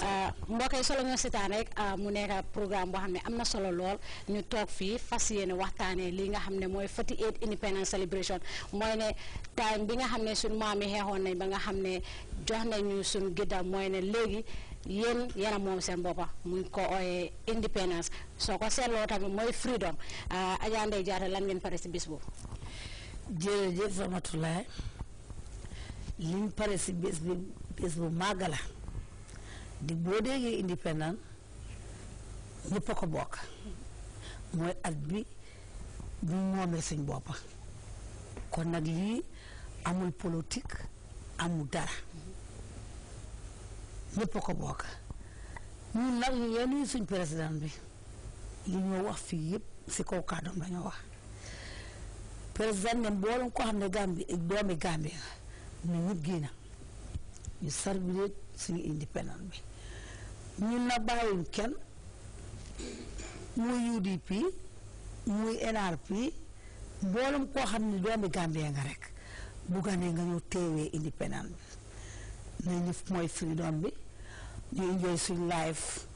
Euh, mbokk yi solo ñoo seetaan rek euh, mu nekk programme boo xam ne am na solo lool ñu toog fii fas yéene waxtaanee lii nga xam ne mooy 48 independence celebration mooy ne time bi nga xam ne suñ maam yi xeexoon nañ ba nga xam ne jox nañu suñ gidda mooy ne léegi yéen yéen moom seen boppa muy ko ooyee independence soo ko seetloo tamit mooy freedom euh, Adja Ndeye Jatta lan ngeen pare si bis boobu jërëjëf Ramatulaay bu màgg la di boo déggee indépendant ñëpp a ko bokk mooy at bi ñu moomee suñ boppa kon nag lii amul politique amul dara ñëpp a ko bokk ñun nag ñu yenuy suñ président bi li ñoo wax fii yëpp si kaw kàddoom dañoo wax président ne mboolum ko xam ne Gambie doomi Gambie na ñëpp génn ñu sarbile suñu indépendance bi ñun na bàyyiwuñ kenn muy UDP muy NRP mboolem koo xam ne doomi Gambie nga rek bu ganee nga ñëw teewee indépendance bi na ñu mooy freedom bi ñu enjoy suñu life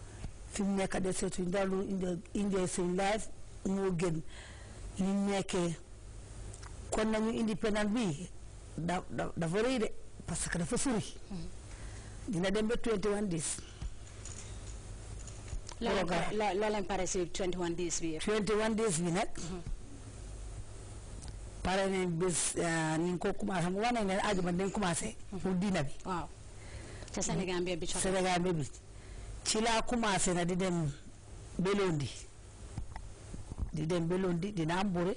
fi mu nekk de seetuñ dara lu enjoy life moo gën ñu nekkee kon nañu indépendance bi da dafa rëy de parce que dafa sori hmm. dina dem ba twenty one days. la la la pare si twenty one days bi. nag. Mhm. pare nañ bés euh, ni ko commencé xam nga wax ne ajuma dañ commencé. Mhm. pour diina bi. waaw ca Sénégal bi Sénégal bi ci laa commencé na di dem belondi di dem belondi dina am bure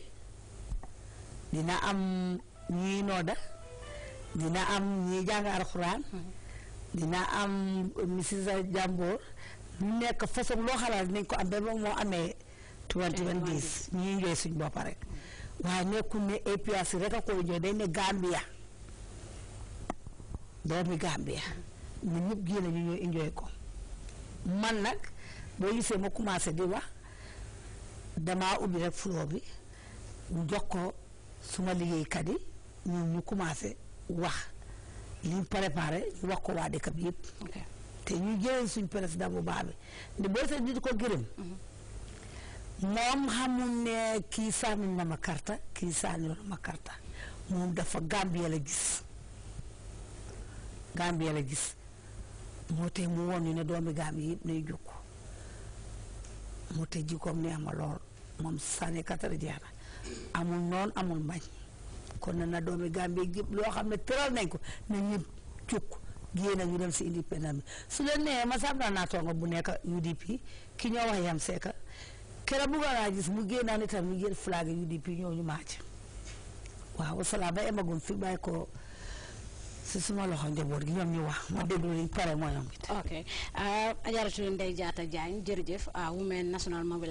dina am ñuy nooda dina am ñuy jàng alxuraan. Mhm. dina am euh, Mrs Jambo nekk façon loo xalaat dinañ ko am ba moo amee. 21 days ñuy njooy suñ boppa rek waaye nekkul ne APRC rek a koy njooy day ne Gambia doomi Gambia ñun ñëpp génn ñu ñoo njooy ko man nag boo gisee ma commencé di wax damaa ubbi rek flow bi mu jox ko suma liggéeykat yi ñun ñu commencé wax. ñu préparé ñu wax ko waa dëkk bi yëpp. te ñu jëlee suñ président bu baax bi boo seet ñu di ko gërëm. Mhm. moom xamul ne kii sànni na ma karta kii sànni na ma karta moom dafa Gambia la gis Gambia la gis moo te mu woon ñu ne doomi Gambie yëpp nay jóg moo te jikkoom neex ma lool moom sànni katara jeex na amul noon amul mbañ. kon na na doomi Gambie gépp loo xam ne tëral nañ ko na ñëpp cukk génn ñu dem si indépendant bi su leen nee ma sam naa naatongo bu nekk UDP ki ñoo wax yam seeka kera bugg naa gis mu génn naa itam ñu jël flag UDP ñu maac waaw wasalaam ba ko si suma loxo njaboot gi ñoom ñu wax ma déglu li pare mooy am it ok euh, ajaratu Ndeye Diatta Diagne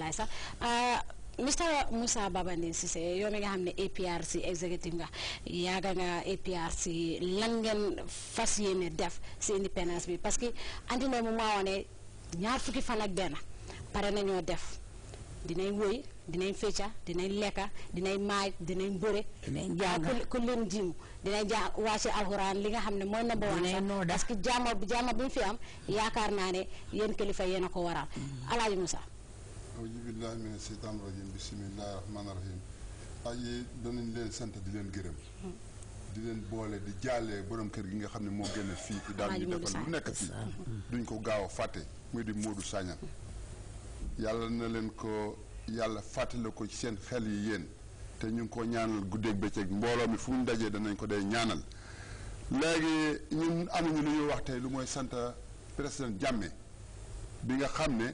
euh, Mr. Musa Babanding si yow mi nga xam ne si executive nga yaaga nga si lan ngeen fas yéene def si indépendance bi parce que andi na mu maa wane ñaar fukki fan ak benn pare nañoo def dinañ woy dinañ fecca dinañ lekka dinay maaj dinay bëre. dinañ jàng ku leen jiw dinañ jàng waasi alxuraan li nga xam ne mooy number one sax parce que jàmm jàmm bi ñu fi am yaakaar naa ne yéen kilifa yéen a ko waral mm. Alaaji Musa awju billahi mina seytaan rajim bisimillahi rahmaani rahim aji danañ leen sant di leen gërëm di leen boole di jaalee boroom kër gi nga xam ne moo génn fii ci daan ñu defal lu nekk fi duñ ko gaaw a fàtte muy di Modou Sagna yàlla na leen ko yàlla fàttale ko ci seen xel yi yéen te ñu ngi ko ñaanal guddeeg bëccëg mbooloo mi fu mu dajee danañ ko dee ñaanal léegi ñun amuñu lu ñuy wax tey lu mooy sant président Jammeh bi nga xam ne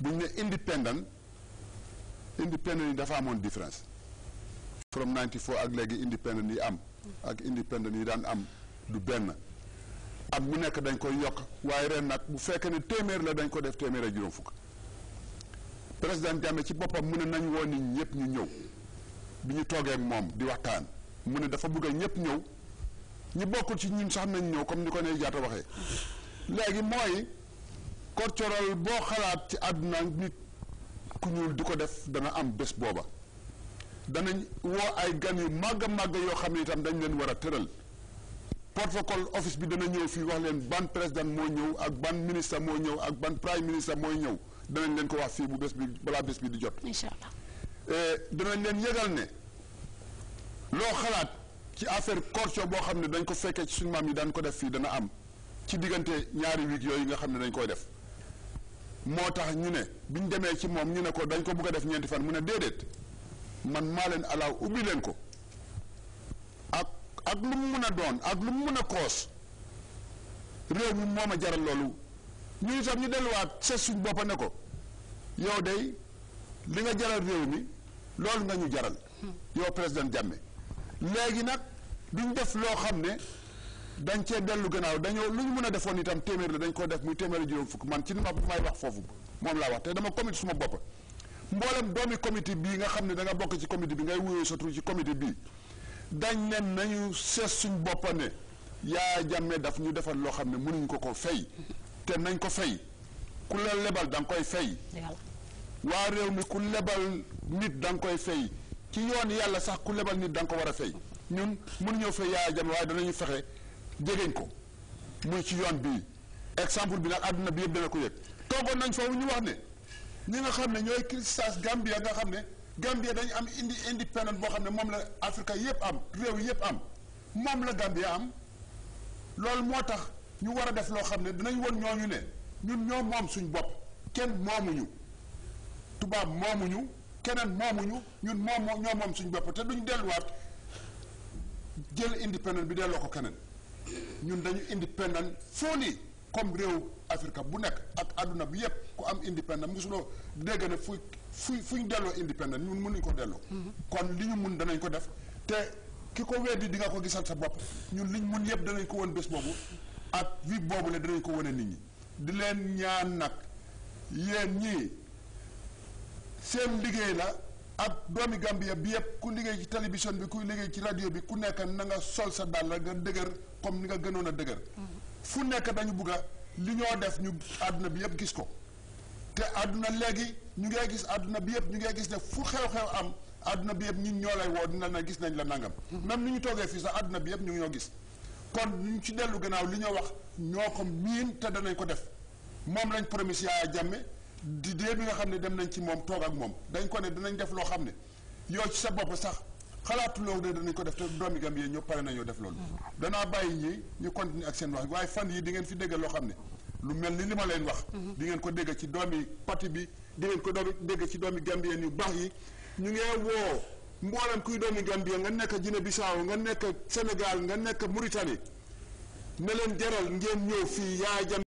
bu ñu ne independent independent yi dafa amoon différence from 94 ak léegi independent yi am ak independent yi daan am du benn ak mu nekk dañ ko yokk waaye ren nag bu fekkee ne téeméer la dañ ko def téeméer ak juróom fukk président Jammeh ci boppam mu ne nañ woo nit ñëpp ñu ñëw bi ñu toogee moom di waxtaan mu ne dafa bëgg a ñëpp ñëw ñu bokkul ci ñun sax nañ ñëw comme ni ko ne jaata waxee léegi mooy korcoral boo xalaat ci àdduna nit ku ñuul di ko def dana am bés booba danañ woo ay gan yu màgg a màgg yoo xam ne itam dañ leen war a tëral protocole office bi dana ñëw fii wax leen ban président moo ñëw ak ban ministre moo ñëw ak ban prime ministre mooy ñëw danañ leen ko wax fii bu bés bi balaa bés bi di jot. incha eh, danañ leen yëgal ne loo xalaat ci affaire corruption boo xam ne dañ ko fekkee ci suñu maam yi daan ko def fii dana am ci diggante ñaari week yooyu nga xam ne dañ koy def. moo tax ñu ne bi ñu demee ci moom ñu ne ko dañ ko bëgg a def ñeenti fan mu ne déedéet man maa leen alaaw ubbi leen ko ak ak lu mu mun a doon ak lu mu mun a koos réew mi moom a jaral loolu ñu itam ñu delluwaat seet suñ boppa ne ko yow day li nga jaral réew mi loolu nga ñu jaral hmm. yow président jàmme léegi nag duñ def loo xam ne dañ cee dellu gannaaw dañoo lu ñu mën a defoon itam téeméer la dañ koo def muy téeméer juróom fukk man ci ma may wax foofu moom laa wax te dama comité suma bopp mboolem doomi comité bii nga xam ne danga bokk ci comité bi ngay wuyoo sa tur ci comité bii dañ ne nañu sees suñ boppa ne yaa jàmme daf ñu defal loo xam ne mënuñ ko ko fay te nañ ko fay ku la lebal danga koy fay waa réew mi ku lebal nit danga koy fay ci yoon yàlla sax ku lebal nit danga ko war a fay ñun mënuñoo fay yaa jàmme waaye danañu fexe jegeñ ko muy ci yoon bii exemple bi nag àdduna bi yëpp dana ko yëg toogoon nañ foofu ñu wax ne ñi nga xam ne ñooy cristas Gambia nga xam ne Gambia dañu am indi indépendance boo xam ne moom la Afrique yëpp am réew yëpp am moom la Gambia am loolu moo tax ñu war a def loo xam ne dinañ won ñu ne ñun ñoo moom suñ bopp kenn moomuñu tubaab moomuñu keneen moomuñu ñun moom ñoo moom suñ bopp te duñ delluwaat jël indépendance bi delloo ko keneen ñun dañu indépendant foo nii comme réew Afrique bu nekk ak àdduna bi yëpp ku am indépendant musuloo dégg ne fu fu fu ñu delloo indépendant ñun mënuñ ko delloo. Mm-hmm. kon li ñu mun danañ ko def te ki ko weddi di nga ko gisal sa bopp ñun liñ mun yëpp danañ ko woon bés boobu ak wi boobu ne danañ ko wane nit ñi di leen ñaan nag yéen ñii seen liggéey la. ab doomi Gambia bi yëpp ku liggéey ci télévision bi ku liggéey ci radio bi ku nekk na nga sol sa dàll nga dëgër comme ni nga gënoon a dëgër. fu nekk dañu bugg li ñoo def ñu àdduna bi yëpp gis ko te àdduna léegi ñu ngee gis àdduna bi yëpp ñu ngee gis ne fu xew-xew am àdduna bi yëpp ñun ñoo lay woo dina na gis nañ la nangam. même ni ñu toogee fii sax àdduna bi yëpp ñu ngi ñoo gis kon ñu ci dellu gannaaw li ñoo wax ñoo ko miin te danañ ko def moom lañ promis Yaya Jammeh di dee bi nga xam ne dem nañ ci mom tok ak mom dañ ko ne dinañ def lo xam ne ci sa bop sax lo de dañ ko def te doomi gam yee ñëpp pare nañoo def lool dana bayyi ñi ñu continue ak seen wax way fan yi di ngeen fi dégg lo xam ne lu melni ni leen wax mhm. di ngeen ko dégg ci doomi parti bi di ngeen ko dégg ci doomi gambien ñu bax yi ñu ngi wo mbolam kuy doomi gambien nga nekk Guinée Bissau nga nekk Sénégal nga nekk Mauritanie ne leen jaral ngeen ñëw fi yaa jam